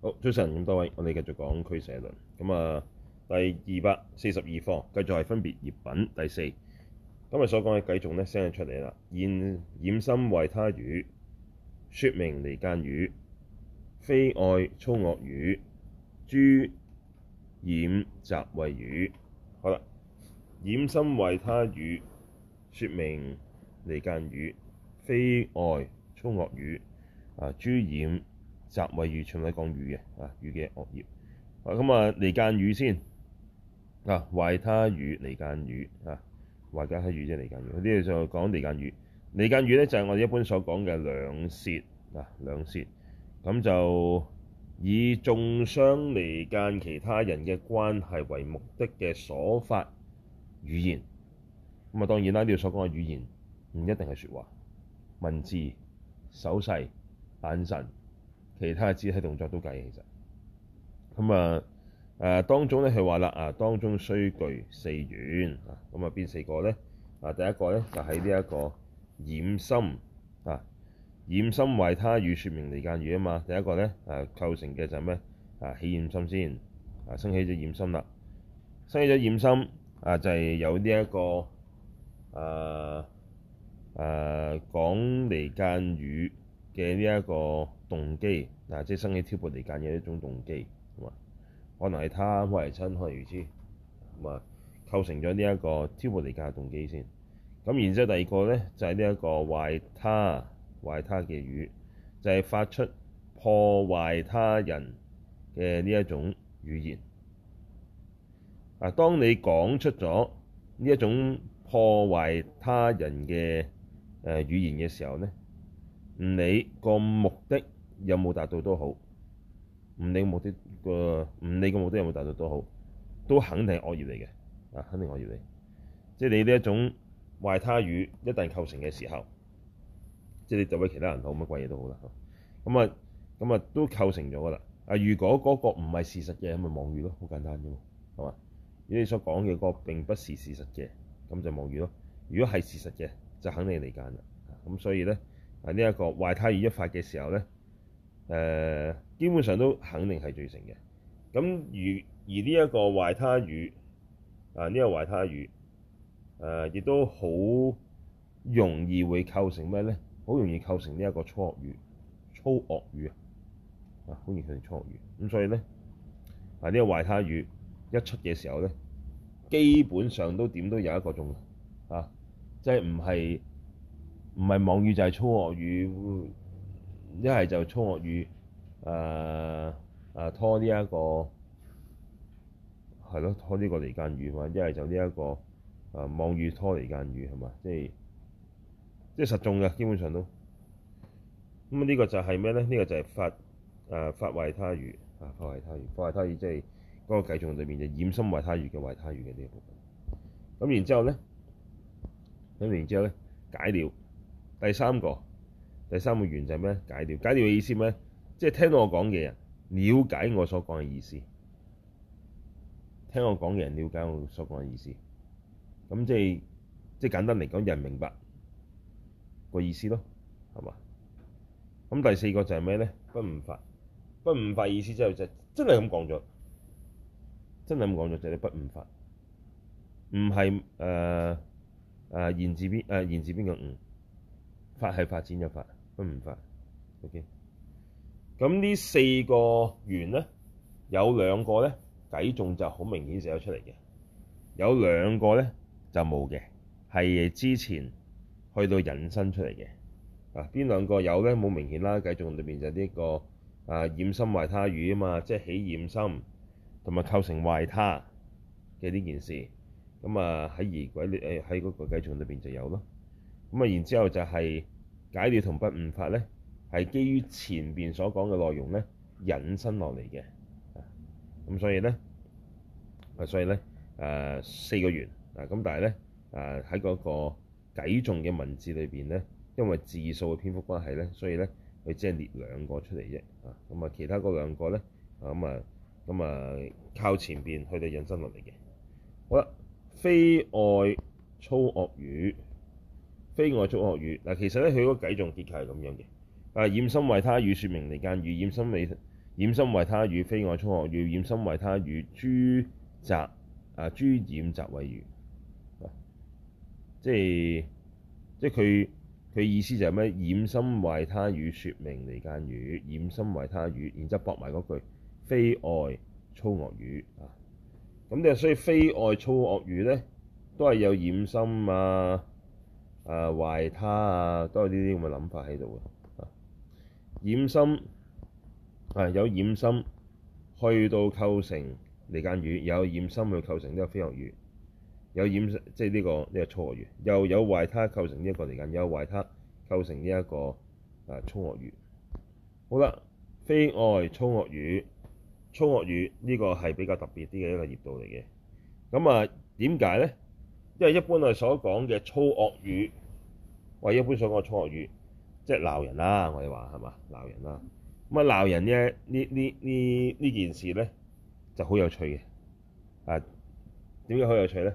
好，早晨咁多位，我哋繼續講俱舍論咁啊，第二百四十二課繼續係分別業品第四。今日所講嘅偈頌呢，聲出嚟啦。現染心壞他語，説名離間語，非愛粗惡語，諸染雜穢語。好啦，染心壞他語，説名離間語，非愛粗惡語，啊，諸染。摘為語，全位講語嘅啊，語嘅惡業啊。咁啊，離間語先啊，壞他語離間語啊，壞他語即係，離間語。呢度就講離間語，離間語咧就係我哋一般所講嘅兩舌嗱、啊，兩舌咁、啊、就以中傷離間其他人嘅關係為目的嘅所發語言。咁啊，當然啦，呢度所講嘅語言唔一定係說話、文字、手勢、眼神。其他肢體動作都計，其實咁，啊誒、啊、當中咧佢話啦，啊當中需具四緣啊。咁啊邊四個咧啊？第一個咧就係呢一個染心啊，染心壞他語說名離間語啊嘛。第一個咧誒、啊、構成嘅就係咩啊？起染心先，啊升起咗染心啦，升起咗染心，升起染心啊就係，、是、有呢，、這、一個啊，啊講離間語。嘅呢一個動機，嗱即係生起挑撥離間嘅一種動機，咁啊，可能係貪，可能係瞋，可能係痴，咁啊，構成咗呢一個挑撥離間嘅動機先。咁然之後第二個咧，就係呢一個壞他、壞他嘅語，就係、是、發出破壞他人嘅呢一種語言。嗱，當你講出咗呢一種破壞他人嘅誒語言嘅時候咧，唔理個目的有冇達到都好，唔理個目的個唔理個目的有冇達到都好，都肯定惡業嚟嘅啊，肯定惡業嚟。即係你呢一種壞他語，一旦構成嘅時候，即係你就俾其他人好，乜鬼嘢都好啦。咁、嗯、啊，咁、嗯、啊、嗯嗯、都構成咗噶啦。啊，如果嗰個唔係事實嘅，咁咪妄語咯，好簡單啫，係嘛？如果你所講嘅、嗰個並不是事實嘅，咁就妄語咯。如果係事實嘅，就肯定係離間啦。咁、嗯、所以咧。呢、這、一個壞他語一發嘅時候咧，誒、呃、基本上都肯定係罪成嘅。咁如而呢一個壞他語，啊呢、這個壞他語，誒、啊、亦都好容易會構成咩咧？好容易構成呢一個粗惡語、粗惡語啊，好容易構成粗惡語。咁所以咧，啊呢、這個壞他語一出嘅時候咧，基本上都點都有一個中啊，即係唔係？就是唔係妄語就係、是、粗惡語，一係就粗惡語、啊啊，拖呢、這、一個係咯，拖呢個離間語嘛。一係就呢一個妄語、啊、拖離間語係嘛，即係即係實中嘅，基本上都咁呢個就係咩咧？呢、這個就係發誒發壞他語嚇，發壞他語，發、啊、壞他語即係嗰個偈頌裡面就染心壞他語嘅壞他語嘅呢個部分。咁然之後咧，咁然之後咧解了。第三個第三個緣就係咩？解了，解了嘅意思咩？即係聽到我講嘅人了解我所講嘅意思，聽我講嘅人了解我所講嘅意思，咁即係即係簡單嚟講，人明白個意思咯，係嘛？咁第四個就係咩咧？不誤發，不誤發意思，之後就係真係咁講咗，真係咁講咗就係、是、不誤發，唔係誒誒言字邊誒言字邊個誤。法係發展咗法，都唔法。OK，咁呢四個緣咧，有兩個咧，偈頌就好明顯寫咗出嚟嘅；有兩個咧就冇嘅，係之前去到引申出嚟嘅。啊，邊兩個有咧？冇明顯啦，偈頌裏面就呢、這個啊染心壞他語啊嘛，即係起染心同埋構成壞他嘅呢件事。咁啊喺儀鬼喺嗰個偈頌裏面就有咯。咁啊，然之後就係解了同不誤發咧，係基於前面所講嘅內容咧，引申落嚟嘅。咁所以咧，啊，所以咧、呃，四個緣。啊，咁但係咧，喺嗰個偈頌嘅文字裏面咧，因為字數嘅篇幅關係咧，所以咧，佢只係列兩個出嚟啫。啊，咁啊，其他嗰兩個咧，啊咁啊，咁、嗯、啊，靠前面佢哋引申落嚟嘅。好啦，非愛粗惡語。非愛粗惡語嗱，其實咧，佢個計狀結構係咁樣嘅。啊，染心壞他語，説名離間語；染心未染心壞他語，非愛粗惡語；染心壞他語，諸雜啊，諸染雜穢語。啊、即係即係佢佢意思就係咩？染心壞他語，説名離間語；染心壞他語，然之後駁埋嗰句非愛粗惡語啊。咁你所以非愛粗惡語咧，都係有染心啊。誒、啊、懷他啊，都有呢啲咁嘅諗法喺度嘅啊，染心啊有染心去到構成離間語，有染心去構成呢個非愛語，有染即係呢、這個呢、這個粗惡語，又有懷他構成呢一個離間，有壞他構成呢、這、一個誒粗、啊、惡,語。好啦，非愛粗惡語，粗惡語呢個係比較特別啲嘅一個業道嚟嘅。咁啊，點解咧？因為一般我哋所講嘅粗惡語，我一般所講嘅粗惡語，即係鬧人啦、啊。我哋話係嘛？鬧人啦、啊。咁啊鬧人呢？呢呢呢呢件事咧就好有趣嘅。啊，點解好有趣咧？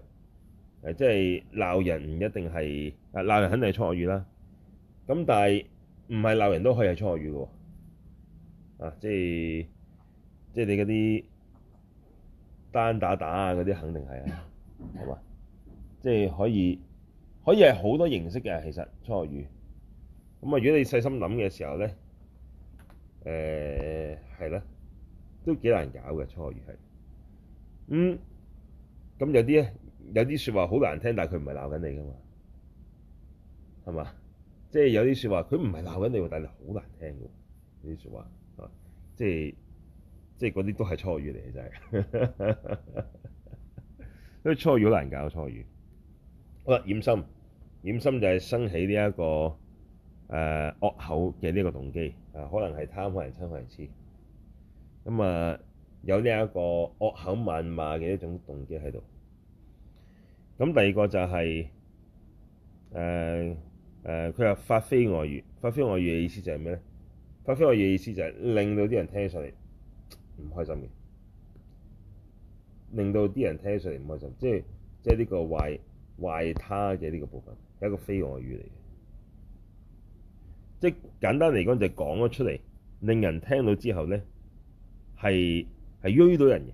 誒，即係鬧人唔一定係啊，鬧人肯定係粗惡語啦。咁但係唔係鬧人都可以係粗惡語喎。啊，即係、啊、即係你嗰啲單打打啊嗰啲肯定係啊，係嘛？即係可以，可以係好多形式嘅。其實初學語咁啊！如果你細心諗嘅時候咧，誒係啦，都幾難搞嘅初學語係。嗯，咁有啲，有啲說話好難聽，但佢唔係鬧緊你噶嘛，係嘛？即係有啲說話佢唔係鬧緊你，但係好難聽嘅喎，有啲說話啊，即係即係嗰啲都係初學語嚟嘅真係，因 為初學語好難搞，初學語。好啦，染心染心就係生起呢、這、一個誒惡、呃、口嘅呢一個動機啊、呃，可能係貪恨人、瞋恨人之咁啊，有呢一個惡口漫罵嘅一種動機喺度。咁第二個就係誒誒，佢、呃、話、呃、發非愛語，發非愛語嘅意思就係咩咧？發非愛語嘅意思就係令到啲人聽上嚟唔開心嘅，令到啲人聽上嚟唔開心，即係即係呢個壞壞他嘅呢個部分，係一個非愛語嚟嘅，即係簡單嚟講就講咗出嚟，令人聽到之後咧係係到人嘅，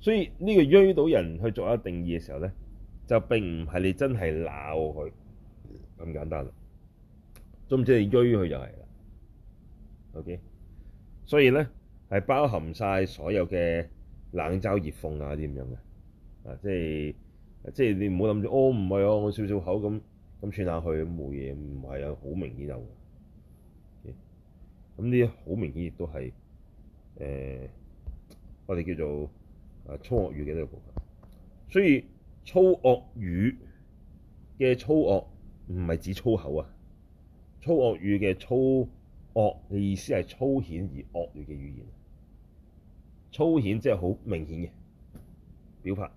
所以呢個追到人去做一定義嘅時候咧，就並唔係你真係鬧佢咁簡單啦，都唔知你追佢就係啦，OK，所以咧係包含晒所有嘅冷嘲熱諷啊，啲咁樣嘅啊，即係。即係你唔好諗住，哦，唔係哦，我少少口咁咁串下去冇嘢，唔係啊，好明顯有嘅。咁呢好明顯亦都係誒，我哋叫做粗惡語嘅呢個部分。所以粗惡語嘅粗惡唔係指粗口啊，粗惡語嘅粗惡嘅意思係粗顯而惡劣嘅語言。粗顯即係好明顯嘅表白。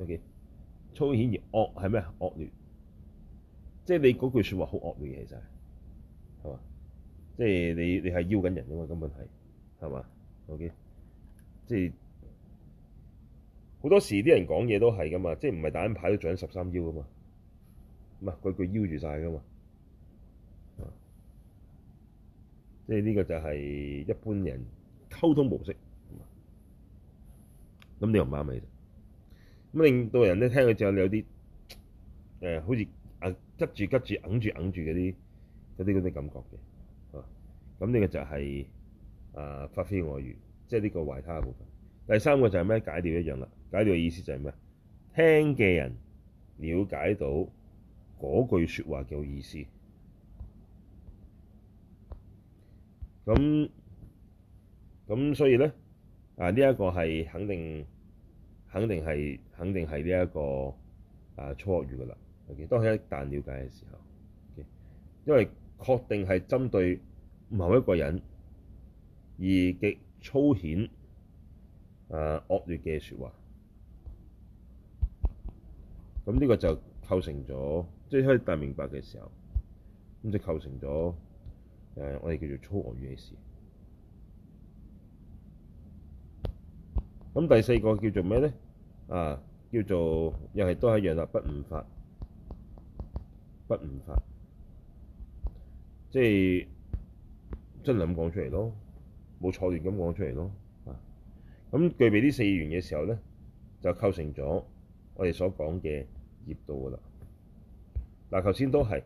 OK。粗顯而惡係咩？惡劣，即係你嗰句説話好惡劣嘅。其實係，係嘛？即係你你係邀緊人嘅嘛？根本係，係嘛？OK，即係好多時啲人講嘢都係噶嘛？即係唔係打緊牌都著緊十三腰噶嘛？唔係句句邀住晒噶嘛？即係呢個就係一般人溝通模式。咁你又唔啱嘅。咁令人到人咧聽嘅時候有啲誒、呃，好似啊，急住急住，揞住揞住嗰啲啲啲感覺嘅，啊，咁呢、啊、個就係、是、啊，發非愛語，即係呢個壞他嘅部分。第三個就係咩？解了一樣啦，解了嘅意思就係咩？聽嘅人了解到嗰句説話嘅意思。咁咁所以咧，啊呢一、這個係肯定。肯定係，肯定係呢一個啊粗惡語噶啦。其實當佢一旦了解嘅時候，OK? 因為確定係針對某一個人而極粗顯啊惡劣嘅説話，咁呢個就構成咗，即係喺大明白嘅時候，咁就構成咗誒、啊、我哋叫做粗惡語嘅事。咁第四個叫做咩咧？啊，叫做又係都係一樣啦，不誤發，不誤發，即係真量講出嚟咯，冇錯亂咁講出嚟咯。啊，咁具備啲四緣嘅時候咧，就構成咗我哋所講嘅業道㗎啦。嗱、啊，頭先都係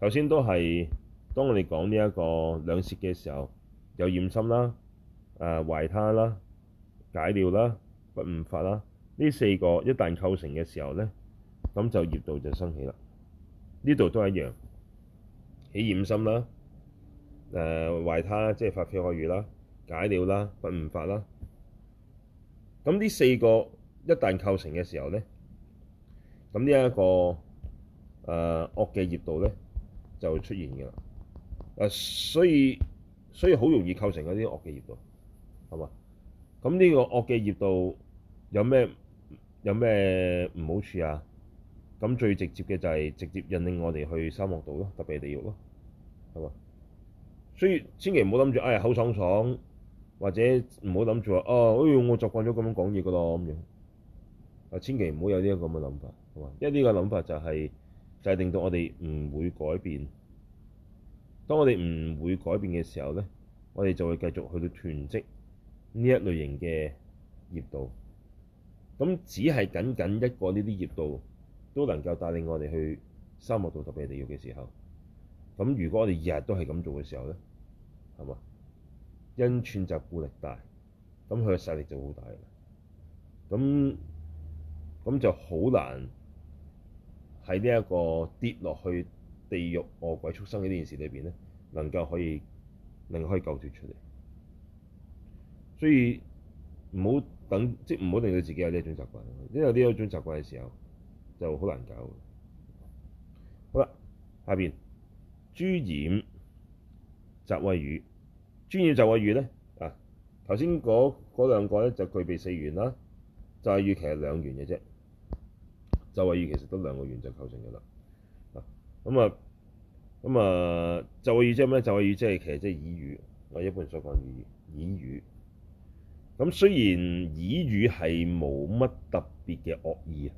頭先都係當我哋講呢一個兩舌嘅時候，有染心啦，誒、啊、壞他啦，解了啦，不誤發啦。呢四個一旦構成嘅時候咧，咁就業道就生起啦。呢度都係一樣，起染心啦，誒、呃、壞他即係發起惡語啦，解了啦，不誤發啦。咁呢四個一旦構成嘅時候咧，咁呢一個誒惡嘅業道咧就會出現嘅啦。誒所以所以好容易構成嗰啲惡嘅業道，係嘛？咁呢個惡嘅業道有咩？有咩唔好處啊？咁最直接嘅就係直接引領我哋去沙漠度咯，特別係地獄咯，係嘛？所以千祈唔好諗住，哎呀口爽爽，或者唔好諗住話，哦，哎我習慣咗咁樣講嘢噶咯咁樣。啊，千祈唔好有呢個咁嘅諗法，係嘛？一啲嘅諗法就係就係令到我哋唔會改變。當我哋唔會改變嘅時候咧，我哋就會繼續去到囤積呢一類型嘅業道。咁只係僅僅一個呢啲業道都能夠帶領我哋去三惡道特別地獄嘅時候，咁如果我哋日日都係咁做嘅時候咧，係嘛？因串習故力大，咁佢嘅勢力就好大。咁咁就好難喺呢一個跌落去地獄惡鬼畜生嘅呢件事裏面咧，能夠可以能夠可以救脫出嚟。所以唔好。等即唔好令到自己有呢一種習慣。因為呢一種習慣嘅時候就好難搞。好啦，下面，諸染雜穢語。諸染雜穢語咧啊，頭先嗰嗰兩個咧就具備四緣啦，雜穢語其實兩緣嘅啫。雜穢語其實得兩個緣就構成㗎啦。啊，咁啊咁啊，雜穢語即係咩？雜穢語即係其實即係綺語。我一般所講綺語。咁雖然綺語係冇乜特別嘅惡意啊，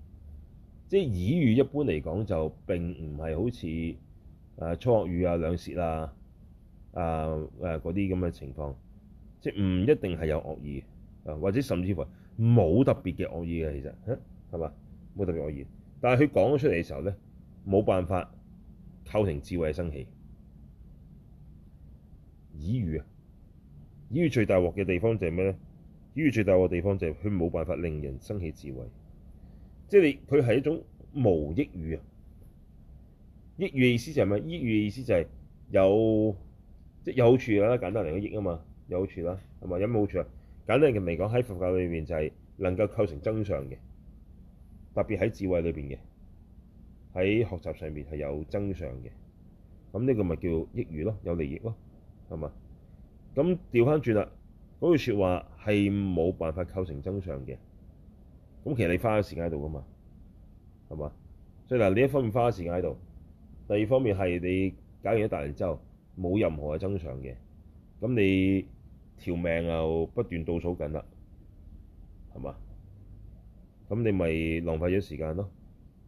即係綺語一般嚟講就並唔係好似誒粗惡語啊、兩舌啊，啊嗰啲咁嘅情況，即係唔一定係有惡意啊，或者甚至乎冇特別嘅惡意嘅，其實嚇係嘛，冇特別惡意，但係佢講咗出嚟嘅時候咧冇辦法構成智慧生起綺語啊！綺語最大鑊嘅地方就係咩咧？於最大個地方就係佢冇辦法令人生起智慧，即係你佢係一種無益語啊！益語嘅意思就係咩？益語嘅意思就係有即係有好處啦，簡單嚟講，益啊嘛，有好處啦，係嘛？有冇好處啊？簡單嚟講，喺佛教裏面就係能夠構成增上嘅，特別喺智慧裏邊嘅，喺學習上面係有增上嘅。咁呢個咪叫益語咯，有利益咯，係嘛？咁調翻轉啦。嗰句説話係冇辦法構成增長嘅。咁其實你花咗時間喺度㗎嘛，係嘛？所以嗱，呢一方面花咗時間喺度。第二方面係你搞完一大人之後冇任何嘅增長嘅，咁你條命又不斷倒數緊啦，係嘛？咁你咪浪費咗時間咯。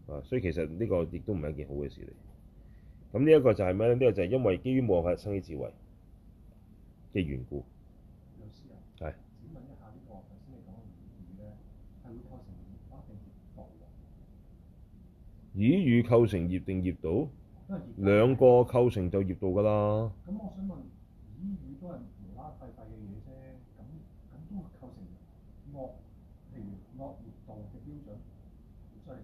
啊，所以其實呢個亦都唔係一件好嘅事嚟。咁呢一個就係咩咧？呢、這個就係因為基於冇法生起智慧嘅緣故。綺語構成業定業道業，兩個構成就業道㗎啦。咁我想問，綺語都係無啦啦廢廢嘅嘢啫。咁咁如構成惡，譬如惡業道嘅標準，業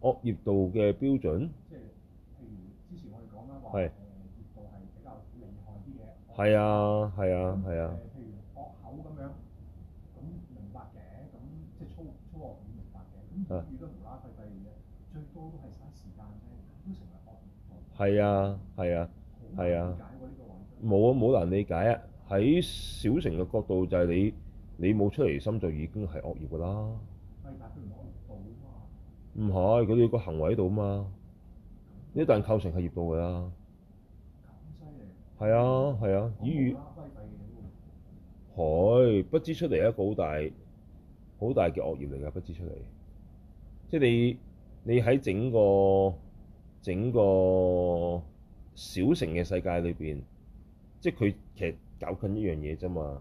惡業道嘅標準？即、就、係、是、譬如之前我哋講啦話，誒業道係比較厲害啲嘢。係、呃、啊，係啊，係啊。譬如惡口咁樣，明白嘅，即係粗，粗惡語明白嘅。係啊，係啊，係啊，冇啊，冇難理解啊！喺小城嘅角度就係你，你冇出嚟心就已經係惡業㗎啦。唔係，佢要個行為喺度啊嘛！就是、這一旦構成係業道㗎啦。係、就是、啊，係啊，咦、啊？佢不知出嚟一個好大、好大嘅惡業嚟㗎，不知出嚟。即係你，你喺整個。整個小城嘅世界裏邊，即係佢其實搞緊一樣嘢啫嘛，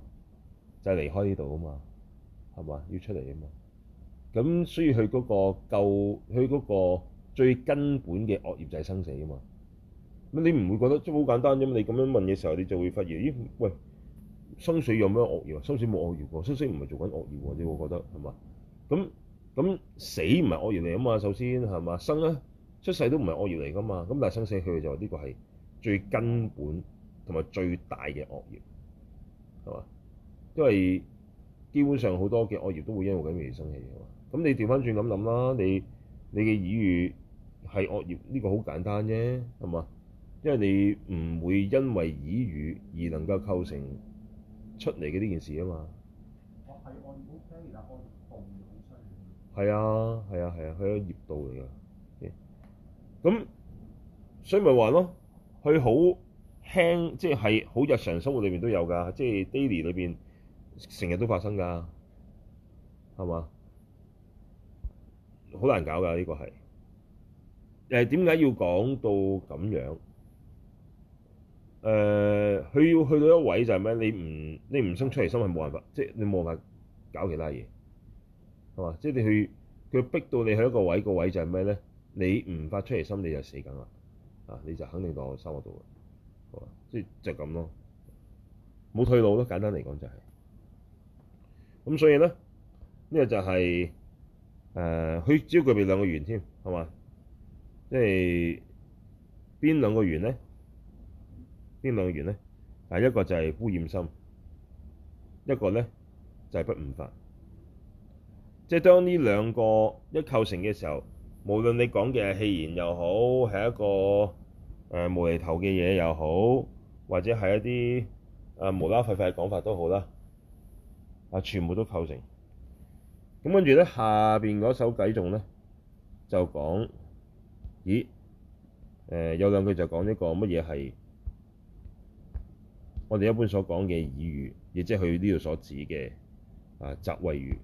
就係離開呢度啊嘛，係嘛，要出嚟啊嘛。咁所以佢嗰個救，佢嗰個最根本嘅惡業就係生死啊嘛。咁你唔會覺得即係好簡單啫嘛？你咁樣問嘅時候，你就會發現咦，喂，生死有咩惡業啊？生死冇惡業喎，生死唔係做緊惡業喎，你會覺得係嘛？咁咁死唔係惡業嚟啊嘛，首先係嘛？生呢？出世都唔係惡業嚟㗎嘛，咁但係生死去就呢個係最根本同埋最大嘅惡業，係嘛？因為基本上好多嘅惡業都會因為謠言生氣啊嘛。咁你調返轉咁諗啦，你嘅綺語係惡業，呢、呢個好簡單啫，係咪？因為你唔會因為綺語而能夠構成出嚟嘅呢件事啊嘛。係按股聲而按動湧出。係啊，係呀，係啊，係一個業道嚟㗎。咁所以咪話咯，佢好輕，即係好日常生活裏面都有㗎，即係 daily 裏邊成日都發生㗎，係嘛？好難搞㗎，呢個係誒，點解要講到咁樣？誒、呃，佢要去到一個位就係咩？你唔你唔生出嚟心係冇辦法，即係你冇辦法搞其他嘢，係嘛？即係你去佢逼到你去一個位，個位就係咩咧？你唔發出嚟心，你就死梗啦！啊，你就肯定墮喺三惡道嘅，好即係就咁咯，冇退路咯。簡單嚟講就係，咁所以咧，呢個就係誒，佢只要佢哋兩個緣添，係嘛，即係邊兩個緣咧？邊兩個緣咧？啊，一個就係污染心，一個咧就係不誤發即係、就是、當呢兩個一構成嘅時候。無論你講嘅戲言又好，係一個誒、呃、無厘頭嘅嘢又好，或者係一啲誒、呃、無啦廢廢嘅講法都好啦，啊、呃、全部都構成。咁跟住咧，下邊嗰首偈頌咧就講，咦誒、呃、有兩句就講呢個乜嘢係我哋一般所講嘅綺語，亦即係佢呢度所指嘅啊雜穢語。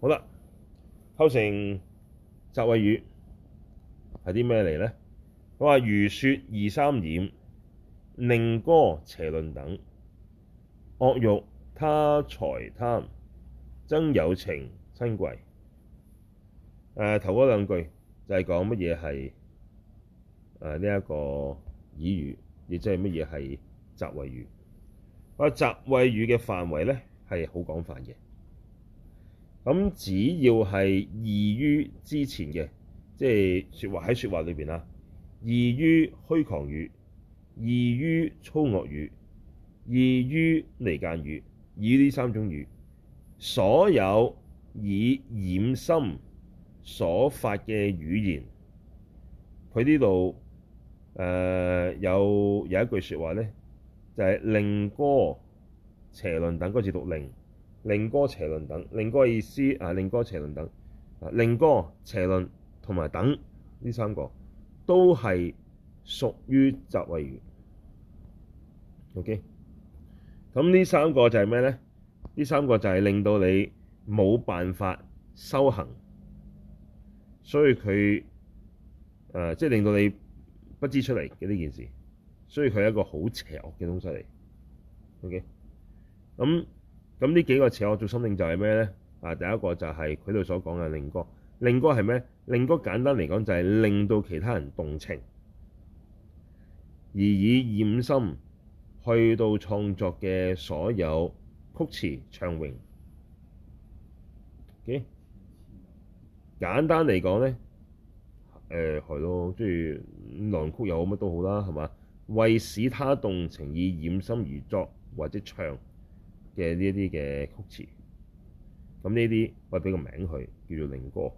好啦，構成。習謂語係啲咩嚟咧？佢話如說二三言、寧歌邪論等惡欲他才貪真有情親貴。誒、啊，頭嗰兩句就係講乜嘢係誒呢一個語語，亦即係乜嘢係習謂語。我習謂語嘅範圍咧係好廣泛嘅。咁只要係異於之前嘅，即係說話喺說話裏邊啊，異於虛誑語、異於粗惡語、異於離間語，以呢三種語，所有以染心所發嘅語言，佢呢度誒有有一句說話咧，就係、是、佞歌邪論等，嗰個字讀令。佞歌邪論等，佞歌嘅意思啊，佞歌邪論等啊，佞歌邪論同埋等呢三個都係屬於雜穢語。OK，咁呢三個就係咩咧？呢三個就係令到你冇辦法修行，所以佢誒即係令到你不知出嚟嘅呢件事，所以佢係一個好邪惡嘅東西嚟。OK，咁。咁呢幾個詞，我最心領就係咩咧？啊，第一個就係佢度所講嘅佞歌。佞歌係咩？佞歌簡單嚟講就係令到其他人動情，而以染心去到創作嘅所有曲詞唱詠。嘅、okay? 簡單嚟講咧，誒係咯，即係樂曲又好乜都好啦，係嘛？為使他動情，以染心而作或者唱。嘅呢啲嘅曲詞，咁呢啲我俾個名佢，叫做佞歌。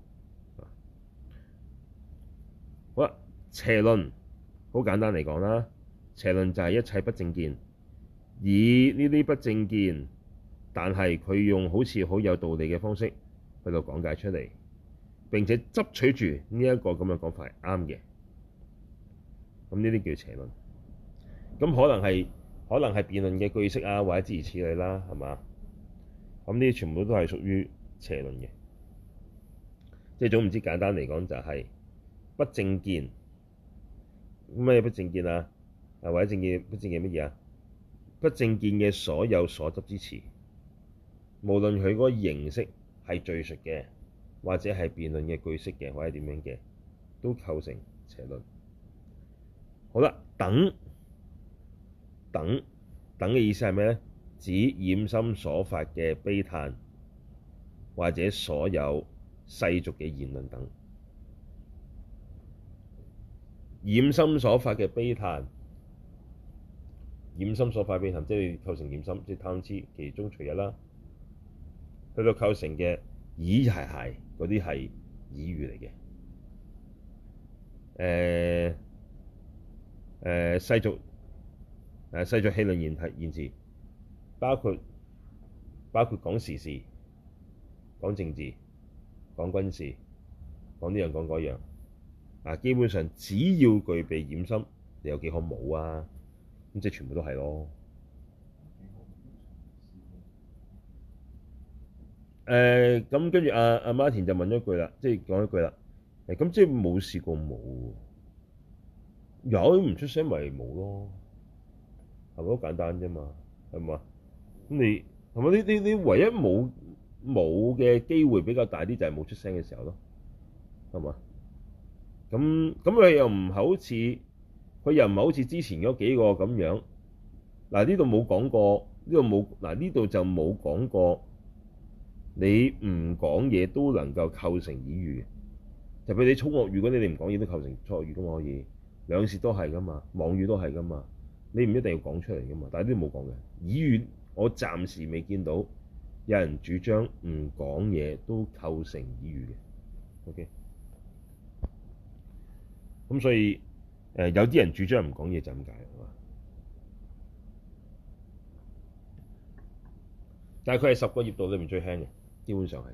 好啦，邪論好簡單嚟講啦，邪論就係一切不正見，以呢啲不正見，但係佢用好似好有道理嘅方式去到講解出嚟，並且執取住呢一個咁嘅講法係啱嘅，咁呢啲叫邪論，咁可能係。可能係辯論嘅句式啊，或者諸如此類啦，係嘛？咁呢啲全部都係屬於邪論嘅。即係總唔知簡單嚟講，就係不正見。咩不正見啊？啊，或者正見？不正見乜嘢啊？不正見嘅所有所執之詞，無論佢嗰個形式係敘述嘅，或者係辯論嘅句式嘅，或者點樣嘅，都構成邪論。好啦，等。等等嘅意思係咩咧？指染心所發嘅悲嘆，或者所有世俗嘅言論等。染心所發嘅悲嘆，染心所發悲嘆，即係構成染心，即係貪痴，其中之一啦。去到構成嘅耳係係嗰啲係耳喻嚟嘅。誒誒、欸欸、世俗。誒，世俗戲論言詞言辭，包括包括講時事、講政治、講軍事、講啲樣講嗰樣啊、嗯。基本上只要具備染心，你有幾可冇啊？咁即係全部都係咯。誒，咁跟住阿阿馬田就問咗句啦，即係講一句啦。咁即係冇試過冇，有唔出聲咪冇咯。係咪好簡單啫嘛？係咪？咁你係咪？你你你,你唯一冇冇嘅機會比較大啲就係冇出聲嘅時候咯。係咪？咁咁佢又唔係好似佢又唔係好似之前嗰幾個咁樣。嗱呢度冇講過，呢度冇嗱呢度就冇講過。你唔講嘢都能夠構成語語就譬如你粗惡語，如果你哋唔講嘢都構成粗惡語咁可以，兩舌都係噶嘛，妄語都係噶嘛。你唔一定要講出嚟噶嘛，但係啲冇講嘅綺語，我暫時未見到有人主張唔講嘢都構成綺語嘅。OK，咁所以誒有啲人主張唔講嘢就咁解啦。但係佢係十個業道裏面最輕嘅，基本上係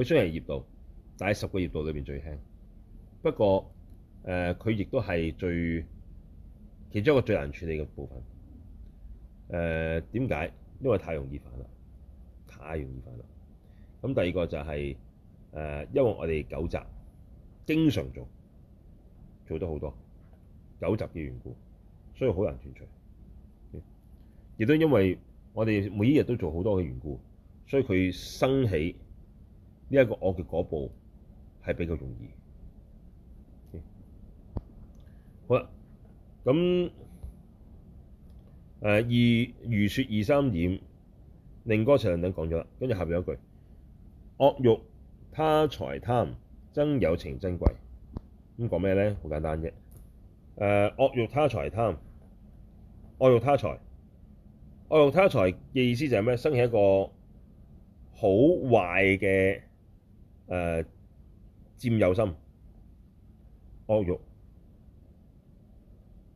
佢雖然係業道，但係十個業道裏邊最輕。不過誒，佢亦都係最其中一個最難處理嘅部分，誒點解？因為太容易犯啦，太容易犯啦。咁第二個就係、是、誒、呃，因為我哋九集經常做，做得好多九集嘅緣故，所以好難斷除。亦都因為我哋每一日都做好多嘅緣故，所以佢生起呢一個惡嘅嗰部係比較容易、嗯。好啦。咁誒，二、呃、如說二三染，佞歌邪論等等講咗啦，跟住下面有一句：惡欲他財貪，憎有情瞋恚。咁講咩咧？好簡單啫。誒、呃，惡欲他財貪，惡欲他財，惡欲他財嘅意思就係咩？生起一個好壞嘅誒、呃、佔有心，惡欲。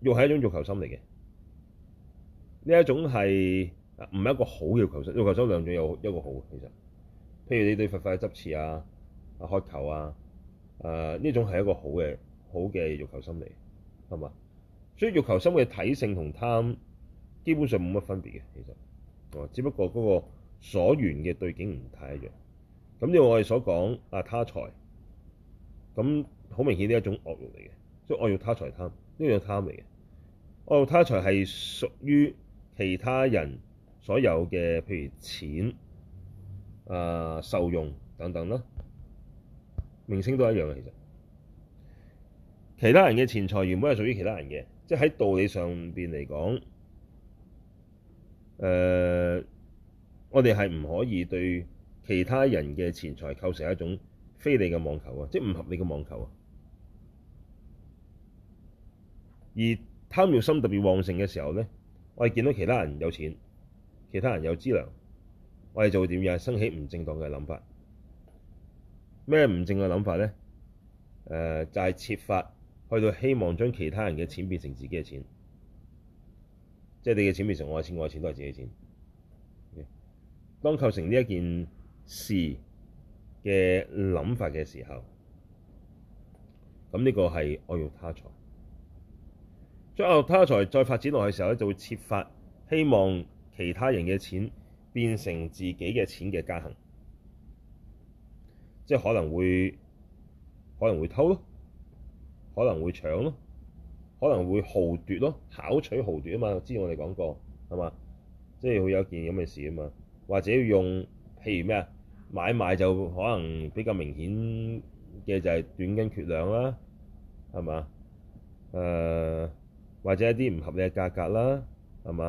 欲係一種欲求心嚟嘅，呢一種係唔係一個好嘅欲求心？欲求心兩種，有一個好嘅其實，譬如你對佛法嘅執持啊、渴求啊，誒，呢一種係一個好嘅、好嘅慾求心嚟，係嘛？所以欲求心嘅體性同貪基本上冇乜分別嘅，其實，哦，只不過嗰個所緣嘅對境唔太一樣。咁呢我哋所講啊他財，咁好明顯呢一種惡慾嚟嘅，所以惡慾他財貪呢種貪嚟嘅。哦，他財係屬於其他人所有嘅，譬如錢、啊、呃、受用等等啦。明星都一樣嘅其實，其他人嘅錢財原本係屬於其他人嘅，即喺道理上邊嚟講，誒、呃，我哋係唔可以對其他人嘅錢財構成一種非理嘅妄求啊，即唔合理嘅妄求啊，而。貪欲心特別旺盛嘅時候呢，我哋見到其他人有錢，其他人有資糧，我哋就會點樣，生起唔正當嘅諗法。咩唔正嘅諗法呢？誒、呃，就係、是、設法去到希望將其他人嘅錢變成自己嘅錢，即、就、係、是、你嘅錢變成我嘅錢，我嘅錢都係自己嘅錢。當構成呢一件事嘅諗法嘅時候，咁呢個係惡欲他財。他才再發展落去嘅時候咧，就會設法希望其他人嘅錢變成自己嘅錢嘅加行，即係可能會可能會偷咯，可能會搶咯，可能會豪奪咯，巧取豪奪啊嘛！之前我哋講過係嘛，即係會有一件咁嘅事啊嘛，或者用譬如咩啊，買賣就可能比較明顯嘅就係短斤缺兩啦，係嘛？誒、呃。或者一啲唔合理嘅價格啦，係嘛？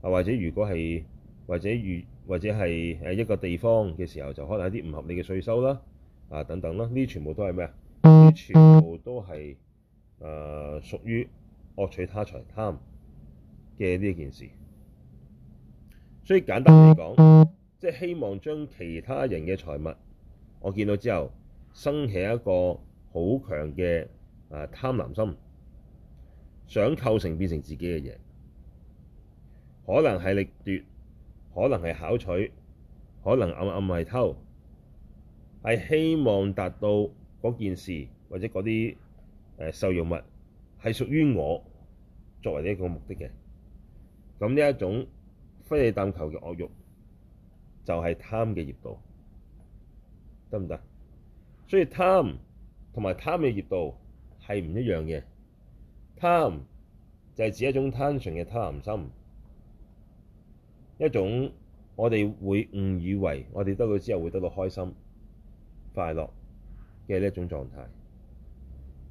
啊，或者如果係或者遇或者係誒一個地方嘅時候，就可能一啲唔合理嘅稅收啦，啊等等啦，呢啲全部都係咩啊？呢啲全部都係誒、呃、屬於惡取他財貪嘅呢一件事。所以簡單嚟講，即係希望將其他人嘅財物，我見到之後，生起一個好強嘅誒、啊、貪婪心。想構成變成自己嘅嘢，可能係力奪，可能係巧取，可能暗暗係偷，係希望達到嗰件事或者嗰啲誒受用物係屬於我作為呢個目的嘅。咁呢一種非理耽求嘅惡欲，就係、是、貪嘅業道得唔得？所以貪同埋貪嘅業道係唔一樣嘅。貪就係指一種貪純嘅貪心，一種我哋會誤以為我哋得到之後會得到開心、快樂嘅呢一種狀態。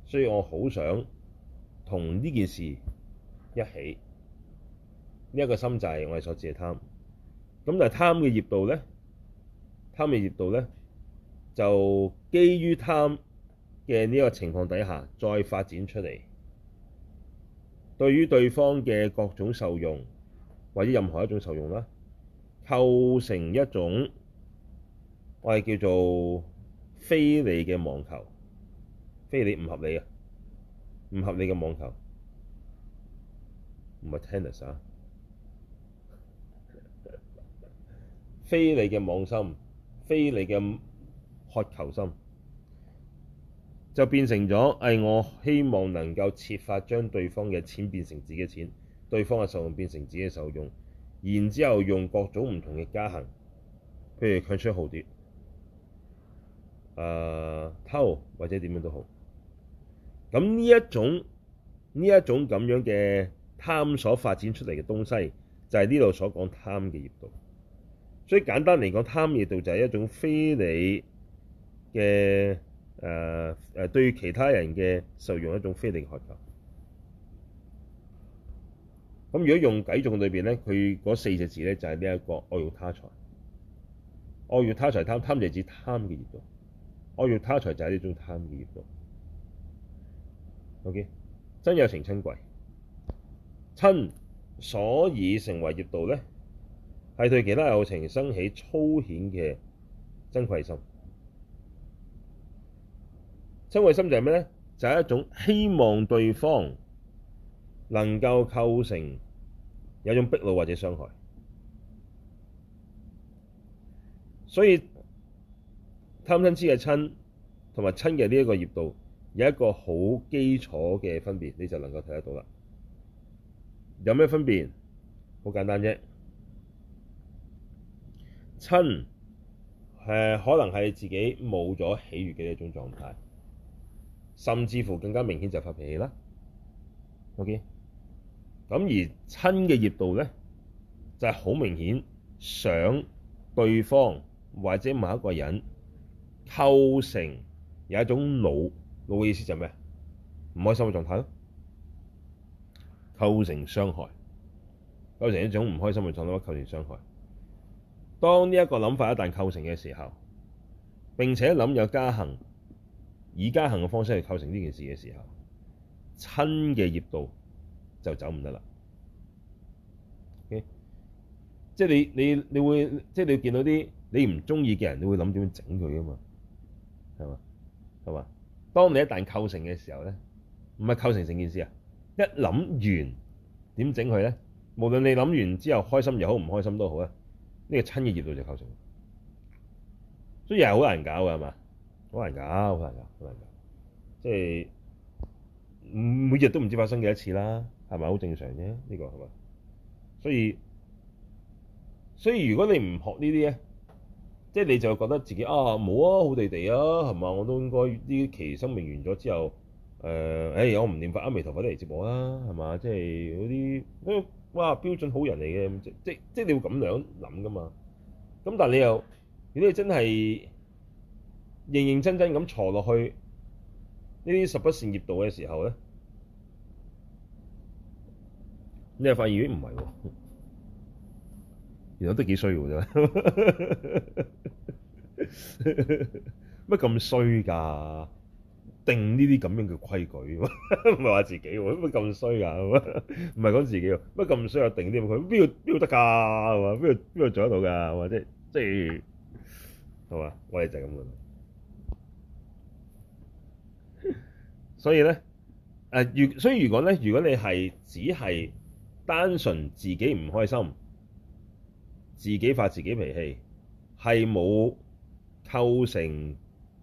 所以我好想同呢件事一起呢一個心，就係我哋所指嘅貪。咁但係貪嘅業道咧，貪嘅業道咧，就基於貪嘅呢個情況底下再發展出嚟。對於對方嘅各種受用，或者任何一種受用啦，構成一種我係叫做非理嘅妄求，非理唔合理啊，唔合理嘅妄求，唔係 tennis 啊，非理嘅妄心，非理嘅渴求心。就變成咗，誒、哎，我希望能夠設法將對方嘅錢變成自己嘅錢，對方嘅受用變成自己嘅受用，然之後用各種唔同嘅加行，譬如強取豪奪，誒、呃，偷或者點樣都好。咁呢一種呢一種咁樣嘅貪所發展出嚟嘅東西，就係呢度所講貪嘅業道。所以簡單嚟講，貪業道就係一種非理嘅。誒、呃、誒對其他人嘅受用一種非利害嘅，咁如果用偈頌裏面咧，佢嗰四隻字咧就係、是、呢一個惡欲他財，惡欲他財貪貪就指貪嘅業道惡欲他財就係呢種貪嘅業道 OK，憎有情瞋恚，瞋，所以成為業道咧，係對其他有情生起粗顯嘅憎恚心。嗔恚心就係咩咧？就係、是、一種希望對方能夠構成有種逼惱或者傷害，所以貪嗔癡嘅嗔同埋嗔嘅呢一個業道有一個好基礎嘅分別，你就能夠睇得到啦。有咩分別？好簡單啫。嗔、呃、可能係自己冇咗喜悅嘅一種狀態。甚至乎更加明顯就係發脾氣啦。OK，咁而嗔嘅業道咧，就係好明顯想對方或者某一個人構成有一種嬲，嬲嘅意思就係咩？唔開心嘅狀態咯，構成傷害，構成一種唔開心嘅狀態，構成傷害。當呢一個諗法一旦構成嘅時候，並且諗有加行。以家行嘅方式去構成呢件事嘅時候，親嘅業道就走唔得啦。即係你你你會即係你見到啲你唔中意嘅人，你會諗點樣整佢啊嘛？係嘛，係嘛？當你一旦構成嘅時候咧，唔係構成成件事啊！一諗完點整佢咧，無論你諗完之後開心又好唔開心都好咧，呢個親嘅業道就構成，所以又係好難搞嘅係嘛？是好難搞，好難搞，好難搞。即係每日都唔知發生幾多次啦，係咪好正常啫？呢個係咪？所以，所以如果你唔學呢啲咧，即係你就覺得自己啊冇啊好地地啊係嘛？我都應該呢期生命完咗之後，誒、呃，誒、欸、我唔念佛，阿彌陀佛都嚟接我啦、啊，係嘛？即係嗰啲，哇標準好人嚟嘅，即即即你要咁樣諗噶嘛？咁但係你又如果你真係，認認真真咁坐落去呢啲十不善業道嘅時候咧，你就發現咦，唔係喎，原來都幾衰嘅啫。乜咁衰㗎？定呢啲咁樣嘅規矩，唔係話自己喎。乜咁衰㗎？唔係講自己喎。乜咁衰啊？定啲咁，佢邊度邊度得㗎？係嘛？邊度邊度做得到㗎？或者即係即係嘛？我哋就係咁嘅。所以咧，誒如所以如果咧，如果你係只係單純自己唔開心，自己發自己脾氣，係冇構成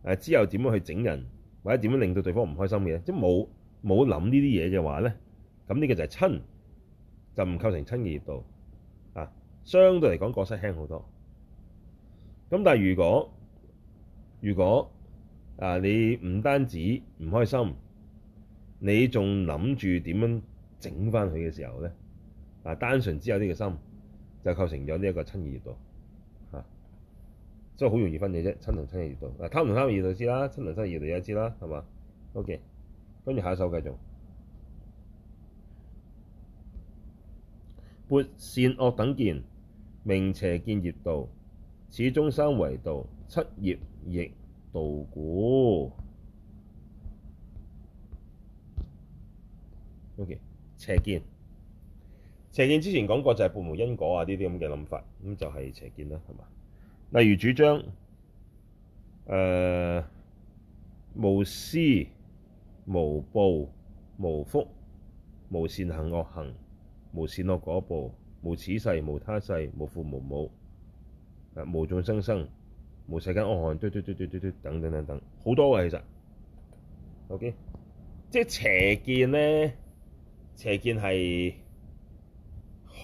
誒之後點樣去整人，或者點樣令到對方唔開心嘅即係冇冇諗呢啲嘢嘅話咧，咁呢個就係嗔，就唔構成嗔嘅程度啊。相對嚟講，過失輕好多。咁但係如果如果啊，你唔單止唔開心。你仲諗住點樣整返佢嘅時候呢？嗱，單純只有呢個心就構成咗呢一個嗔業道，嚇，所以好容易分嘅啫，嗔同嗔業道，偷偷熱度道，嗱，貪同貪業道知啦，嗔同嗔業道又知啦，係嘛？OK，跟住下一首繼續。撥善惡等見，名邪見業道，此中三唯道，七業亦道故。O.K. 邪見，邪見之前講過就係撥無因果啊！呢啲咁嘅諗法，咁就係邪見啦，係嘛？例如主張誒無施、無報無，無福、無善行惡行、無善惡果報、無此世、無他世、無父無母啊、無眾生生、無世間阿羅漢嘟嘟嘟嘟嘟嘟，等等等等好多嘅，其實 O.K. 即係邪見咧。邪見係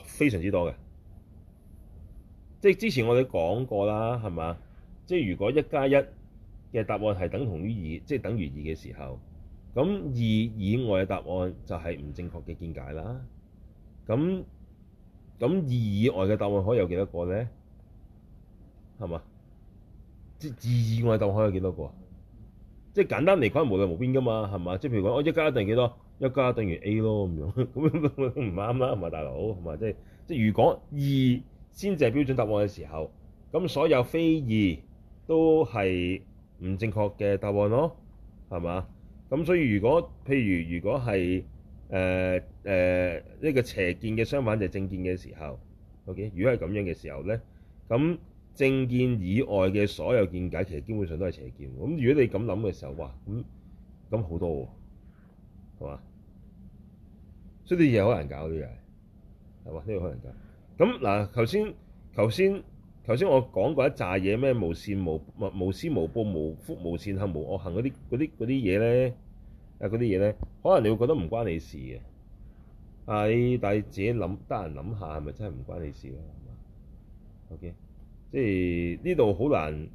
非常之多嘅，即之前我哋講過啦，係嘛？即如果一加一嘅答案係等同於二，即等於二嘅時候，咁二以外嘅答案就係唔正確嘅見解啦。咁咁二以外嘅答案可以有幾多個咧？係嘛？即二以外答案可以有幾多個啊？即係簡單嚟講，無量無邊噶嘛，係嘛？即係譬如講，我一加一定係幾多？一加等於 A 咯，咁樣咁樣，咁唔啱啦，係嘛？大佬，係嘛？即係即係如果二先至係標準答案嘅時候，咁所有非二都係唔正確嘅答案咯，係嘛？咁所以如果譬如如果係誒誒呢個邪見嘅相反就係正見嘅時候，OK，如果係咁樣嘅時候咧，咁正見以外嘅所有見解其實基本上都係邪見，咁如果你咁諗嘅時候，哇，咁咁好多喎、啊，係嘛？呢啲嘢好難搞，啲嘢係嘛？呢度好難搞。咁嗱，頭先頭先頭先我講過一紮嘢，咩無善無無無施無報、無福無善行、無惡行嗰啲嗰啲嗰啲嘢咧，啊嗰啲嘢咧，可能你會覺得唔關你事嘅，係但係自己諗得閒諗下，係咪真係唔關你事咧？OK，即係呢度好難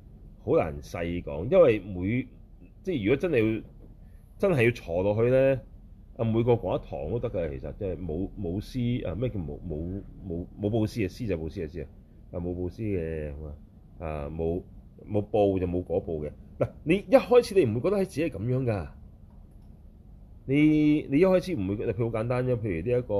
好難細講，因為每即係如果真係要真係要坐落去咧。啊每個講一堂都得嘅，其實即係冇冇施啊？咩叫冇冇冇冇布施啊？施就布施啊，施啊，啊冇布施嘅咁啊，啊冇冇報就冇嗰報嘅。嗱你一開始你唔會覺得自己係咁樣噶，你你一開始唔會，譬如好簡單啫，譬如呢、這、一個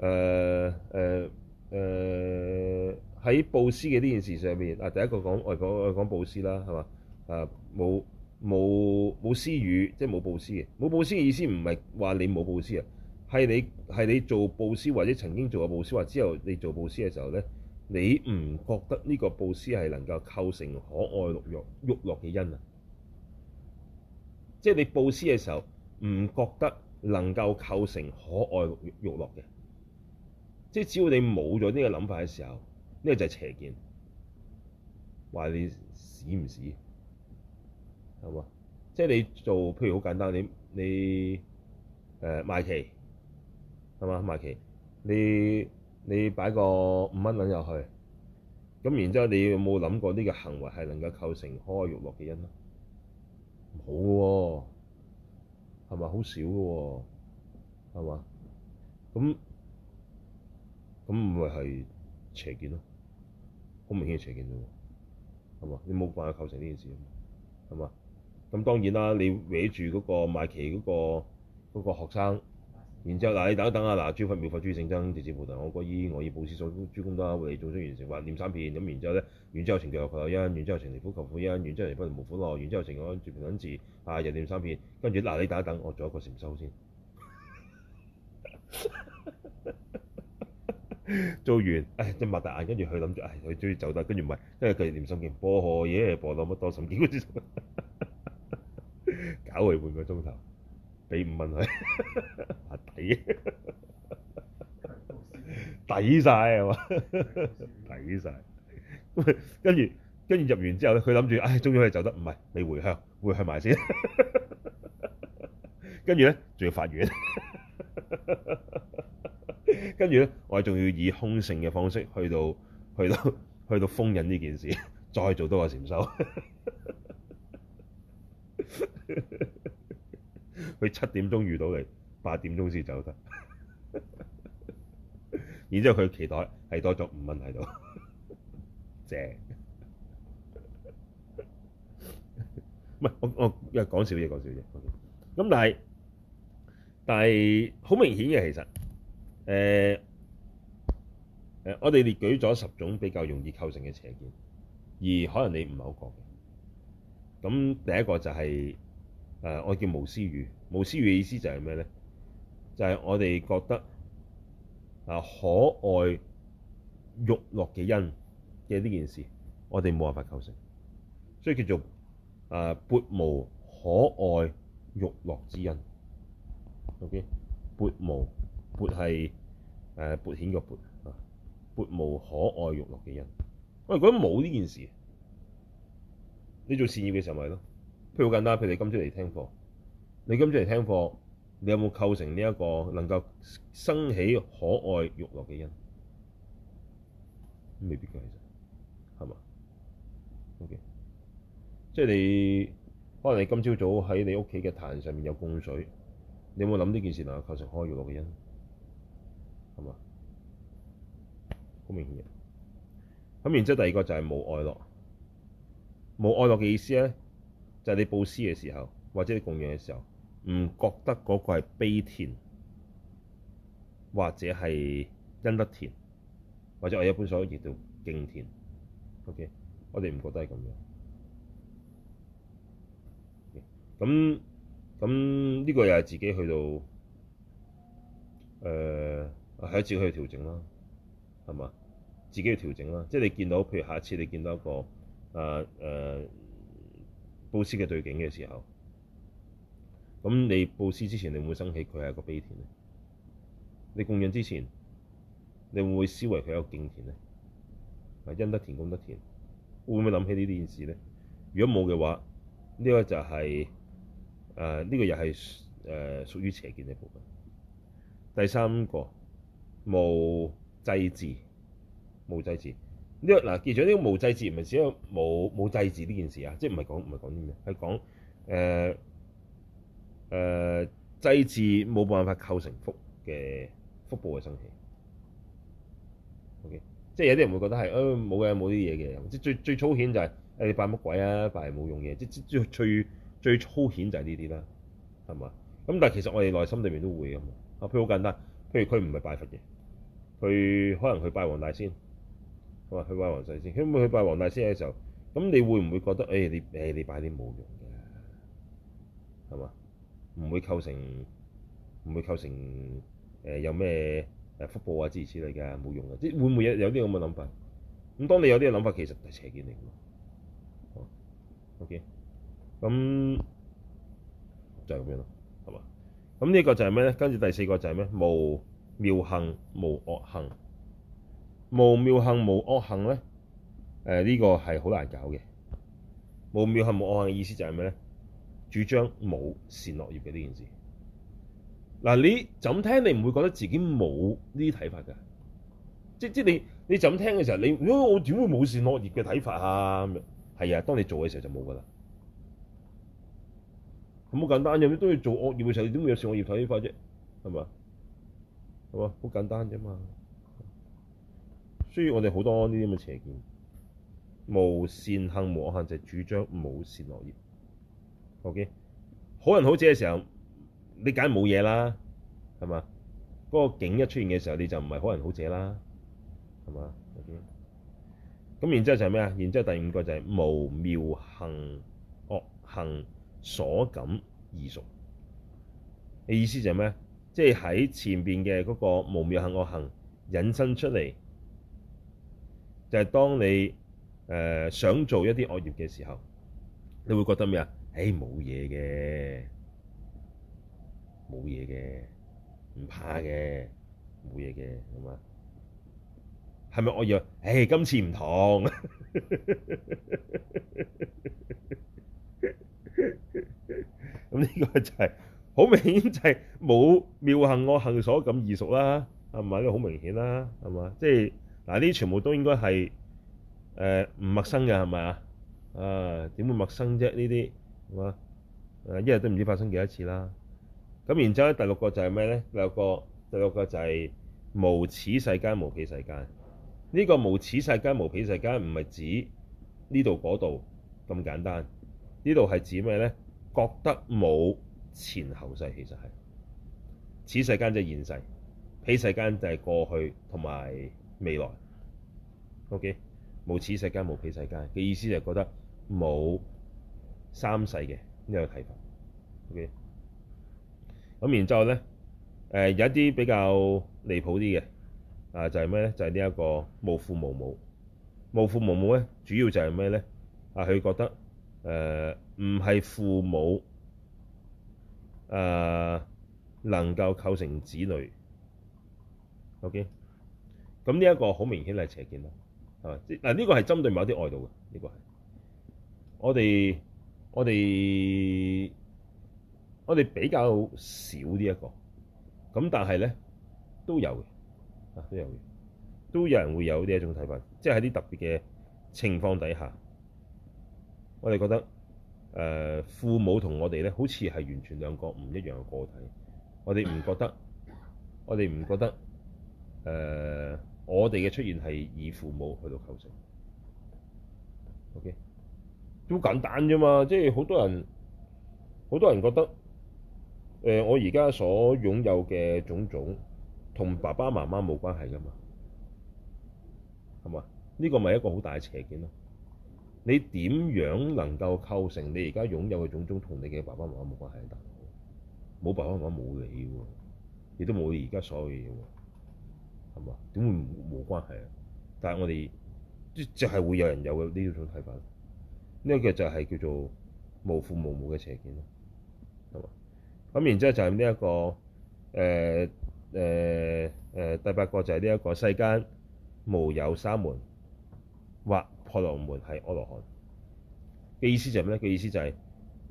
誒誒誒喺布施嘅呢件事上面，啊，第一個講外講外講布施啦，係嘛？啊冇。冇冇施與，即係冇佈施嘅。冇佈施嘅意思唔係話你冇佈施啊，係你係你做佈施或者曾經做過佈施或之後你做佈施嘅時候咧，你唔覺得呢個佈施係能夠構成可愛樂欲慾樂嘅因啊？即係你佈施嘅時候唔覺得能夠構成可愛樂欲慾樂嘅？即係只要你冇咗呢個諗法嘅時候，呢、這個就係邪見，話你屎唔屎？係嘛？即係你做，譬如好簡單，你你誒、呃、賣旗係嘛賣旗？你你擺個五蚊銀入去，咁然之後你有冇諗過呢個行為係能夠構成可愛欲樂嘅因咯？冇喎、啊，係咪好少嘅？啊、喎，係嘛？咁咁唔會係邪見咯、啊，好明顯嘅邪見啫喎，係嘛？你冇辦法構成呢件事係嘛？咁當然啦，你歪住嗰個賣旗嗰個學生，然之後嗱，你等一等啊嗱，諸佛妙法諸聖僧直接附帶我嗰醫我要保持數朱公丹，我哋做咗完成話念三遍，咁然之後咧，然之後成腳求有恩，然之後成離苦求苦恩，然之後成佛無苦樂，然之後成安住平等智啊，又念三遍，跟住嗱你等一等，我做一個禪修先，做完唉，真擘大眼，跟住佢諗住唉，佢終於走得，跟住唔係，跟住佢念心經，荷嘢，噃到乜多神經。搞佢半個鐘頭，俾五蚊佢，抵啊！抵曬係嘛？抵 曬底了 底了。 跟住，跟住入完之後咧，佢諗住，唉、哎，終於可以走得，唔係你回向，回向埋先。 跟住咧，仲要發願。 跟住咧，我哋仲要以空性嘅方式去到，去到，去到封印呢件事，再做多個禪修。 佢 七點鐘遇到你，八點鐘先走得。然之後佢期待係多咗五蚊喺度，正。唔係我我，因為講少嘢，講少嘢。咁但係但係好明顯嘅，其實，誒、呃、誒、呃，我哋列舉咗十種比較容易構成嘅邪見，而可能你唔係好覺嘅。咁第一個就係，誒我叫無施與，無施與嘅意思就係咩咧？就係、是，我哋覺得啊可愛欲樂嘅因嘅呢件事，我哋冇辦法構成，所以叫做誒撥無可愛欲樂之因。OK，撥無撥係誒撥顯嘅撥啊，撥無可愛欲樂嘅因。我哋覺得冇呢件事。你做善業嘅時候咪係咯？譬如好簡單，譬如你今朝嚟聽課，你今朝嚟聽課，你有冇構成呢一個能夠生起可愛欲樂嘅因？未必㗎，其實係嘛？O.K.，即係你可能你今朝早喺你屋企嘅壇上面有供水，你有冇諗呢件事能夠構成可愛欲樂嘅因？係嘛？好明顯嘅。咁然之後第二個就係冇愛樂。冇愛樂嘅意思咧，就係、是、你佈施嘅時候，或者你供養嘅時候，唔覺得嗰個係悲田，或者係恩德田，或者我一般所譯到敬田。O.K. 我哋唔覺得係咁樣。咁咁呢個又係自己去到誒，係、呃、一次去調整啦，係嘛？自己去調整啦，即係你見到，譬如下一次你見到一個。誒、呃、誒，佈、呃、施嘅對境嘅時候，咁你佈施之前，你你之前，你會唔會生氣佢係一個悲田咧？你供養之前，你會唔會思維佢有敬田咧？啊，因得田供得田，會唔會諗起呢件事咧？如果冇嘅話，呢、這個就係誒呢個又係誒屬於邪見嘅部分。第三個冇祭祀，無祭祀。呢個嗱，記咗呢個無祭祀唔係只有冇冇祭祀呢件事啊，即係唔係講唔係講啲咩？係講誒誒祭祀冇辦法構成福嘅福報嘅生起。Okay，即係有啲人會覺得係誒冇嘅冇啲嘢嘅，即係最最粗顯就係、是哎，你拜乜鬼啊？拜冇用嘅，即即最最粗顯就係呢啲啦，係嘛？咁但係其實我哋內心裏面都會嘅嘛。啊，譬如好簡單，譬如佢唔係拜佛嘅，佢可能去拜黃大仙。佢話去拜黃大仙，佢冇去拜黃大仙嘅時候，咁你會唔會覺得，誒你誒你拜啲冇用嘅，係嘛？唔會構成，唔會構成誒有咩誒福報啊之類之類㗎，冇用嘅。即會唔會有有啲咁嘅諗法？咁當你有啲嘅諗法，其實係邪見嚟嘅。好，OK，咁就係咁樣咯，係嘛？咁呢一個就係咩咧？跟住第四個就係咩？無妙行，無惡行。無妙行無惡行咧，誒、呃、呢、這個係好難搞嘅。無妙行無惡行嘅意思就係咩咧？主張冇善惡業嘅呢件事。嗱、啊，你怎聽聽，你唔會覺得自己冇呢啲睇法噶。即即你你就聽嘅時候，你如果、哦、我點會冇善惡業嘅睇法啊？係呀，係啊，當你做嘅時候就冇噶啦。咁好簡單，有咩都要做惡業嘅時候，你點會有善惡業睇法啫？係嘛？係嘛？好簡單啫嘛。所以我哋好多呢啲咁嘅邪見，無善行無惡行就係主張無善惡業。OK，好人好者嘅時候，你梗係冇嘢啦，係嘛？嗰、那個景一出現嘅時候，你就唔係好人好者啦，係嘛？OK，咁然之後就係咩啊？然之後第五個就係、是、無妙行惡行所感異熟，嘅意思就係咩？即係喺前面嘅嗰個無妙行惡行引申出嚟。就係、是、當你誒想做一啲惡業嘅時候，你會覺得咩啊？誒、欸，冇嘢嘅，冇嘢嘅，唔怕嘅，冇嘢嘅，係嘛？係咪惡業？誒、欸，今次唔同，咁 呢個就係、是、好明，明顯，是就係冇妙行惡行所感異熟啦，係咪咧？好明顯啦，係嘛？即係。嗱，呢啲全部都應該係誒唔陌生嘅，係咪啊？啊，點會陌生啫？呢啲係嘛？一日都唔知發生幾多次啦。咁然之後咧，第六個就係咩咧？第六個，第六個就係無此世間無彼世間。呢個無此世間無彼世間唔係指呢度嗰度咁簡單。是呢度係指咩咧？覺得冇前後世，其實係此世間就係現世，彼世間就係過去同埋，未來，OK，無此世間，無彼世間，嘅意思就係覺得冇三世嘅，這個 okay? 呢個睇法，OK。咁然之後咧，誒有一啲比較離譜啲嘅啊，就係咩咧？就係呢一個無父無母、母，無父無母咧，主要就係咩咧？啊，佢覺得誒唔係父母誒，呃、能夠構成子女，OK。咁呢一個好明顯係邪見咯，係嘛？嗱、這、呢個係針對某啲外道嘅，呢、這個係我哋我哋我哋比較少呢、這、一個，咁但係咧都有嘅，啊都有嘅，都有人會有呢一種睇法，即係喺啲特別嘅情況底下，我哋覺得誒、呃、父母同我哋咧好似係完全兩個唔一樣嘅個體，我哋唔覺得，我哋唔覺得誒。呃我哋嘅出現係以父母去到構成，OK 都簡單啫嘛，即係好多人好多人覺得，呃，我而家所擁有嘅種種同爸爸媽媽冇關係噶嘛，係咪？呢個咪一個好大嘅邪見咯。你點樣能夠構成你而家擁有嘅種種同你嘅爸爸媽媽冇關係？但得冇爸爸媽媽冇你喎，亦都冇你而家所有嘢喎。點會冇關係啊？但係我哋即係會有人有呢種睇法，呢個就係叫做無父無母嘅邪見咯，係嘛？咁然之後就係呢一個誒誒誒第八個就係呢一個世間無有沙門或婆羅門係阿羅漢嘅意，意思就係咩咧？嘅意思就係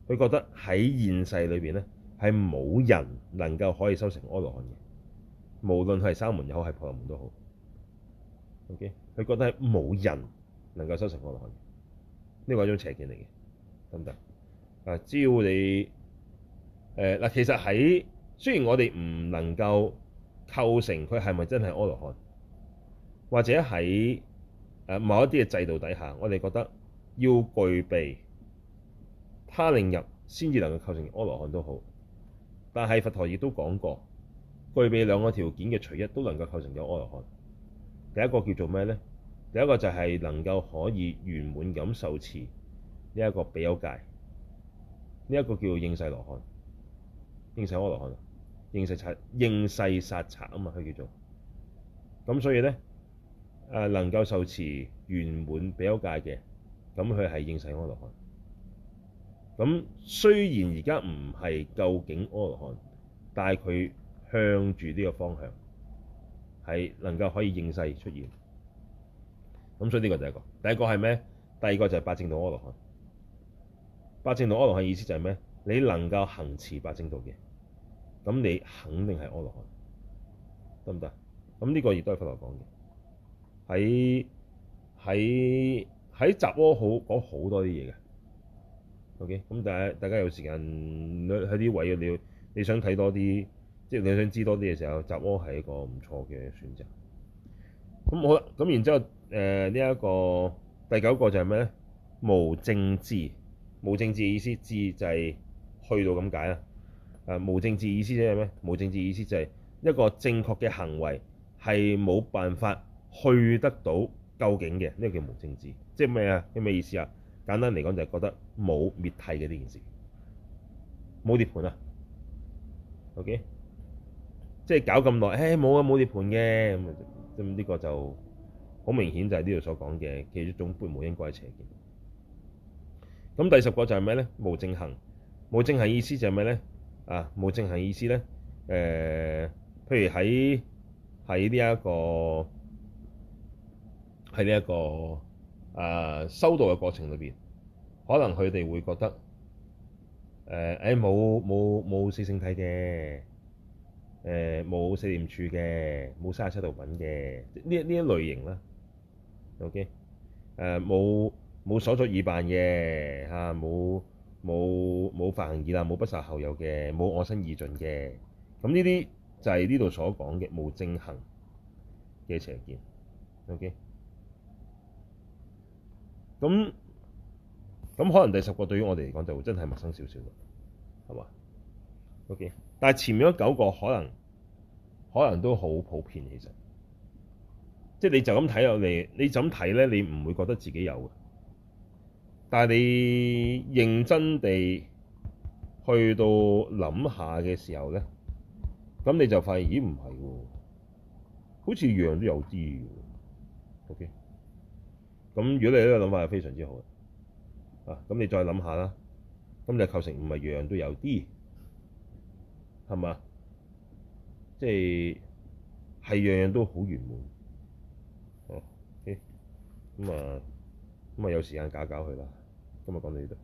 佢覺得喺現世裏邊咧係冇人能夠可以修成阿羅漢嘅。無論佢係沙門又好，係婆羅門都好，OK，佢覺得係冇人能夠修成阿羅漢，呢個係一種邪見嚟嘅，得唔得？啊，只要你誒嗱、呃，其實喺雖然我哋唔能夠構成佢係咪真係阿羅漢，或者喺誒某一啲嘅制度底下，我哋覺得要具備避他令入先至能夠構成阿羅漢都好，但係佛陀亦都講過。具備兩個條件嘅，隨一都能夠構成嘅阿羅漢。第一個叫做咩呢？第一個就係能夠可以圓滿咁受持呢一個比丘戒，呢一個叫做應世羅漢，應世阿羅漢，應世殺應世殺賊啊嘛，佢叫做咁。所以呢，誒，能夠受持圓滿比丘戒嘅，咁佢係應世阿羅漢。咁雖然而家唔係究竟阿羅漢，但係佢，向住呢個方向係能夠可以應勢出現咁，所以呢個第一個。第一個係咩？第二個就係八正道阿羅漢。八正道阿羅漢意思就係咩？你能夠行持八正道嘅，咁你肯定係阿羅漢，得唔得？咁呢個亦都係佛陀講嘅。喺喺喺雜禪好講好多啲嘢嘅。O.K.，咁大家大家有時間喺啲位嘅，你要你想睇多啲。即係你想知道多啲嘅時候，集鵝係一個唔錯嘅選擇。咁好啦，咁然之後，誒呢一個第九個就係咩咧？無正至，無正至嘅意思，至就係去到咁解啦。誒、啊，無正至意思即係咩？無正至意思就係一個正確嘅行為係冇辦法去得到究竟嘅，呢個叫無正至。即係咩啊？咩意思啊？簡單嚟講，就係覺得冇滅諦嘅呢件事冇跌盤啊。OK。即係搞咁耐，誒冇啊冇跌盤嘅，咁呢個就好明顯就係呢度所講嘅，其中總般無應該邪見。咁第十個就係咩咧？冇正行，冇正行意思就係咩咧？啊，冇正行意思咧，誒、呃，譬如喺喺呢一個喺呢一個啊修道嘅過程裏面，可能佢哋會覺得誒誒冇冇冇四性體嘅。誒、呃、冇四念住嘅，冇三十七道品嘅，呢一呢一類型啦。OK，誒冇冇所作已辦嘅，嚇冇冇冇梵行已立，冇不受後有嘅，冇我生已盡嘅。咁呢啲就係呢度所講嘅冇正行嘅邪見。OK，咁咁可能第十個對於我哋嚟講就真係陌生少少嘅，係嘛？OK。但前面嗰九個可能，可能都好普遍，其實，即係你就咁睇落嚟，你就咁睇咧，你唔會覺得自己有嘅。但你認真地去到諗下嘅時候咧，咁你就發現咦，唔係喎，好似樣都有啲。O.K. 咁如果你呢個諗法係非常之好嘅，啊，咁你再諗下啦，咁你就構成唔係樣都有啲。係咪？即係係樣樣都好圓滿哦，OK。咁、欸、啊，咁啊有時間搞搞佢啦。今日講到呢度。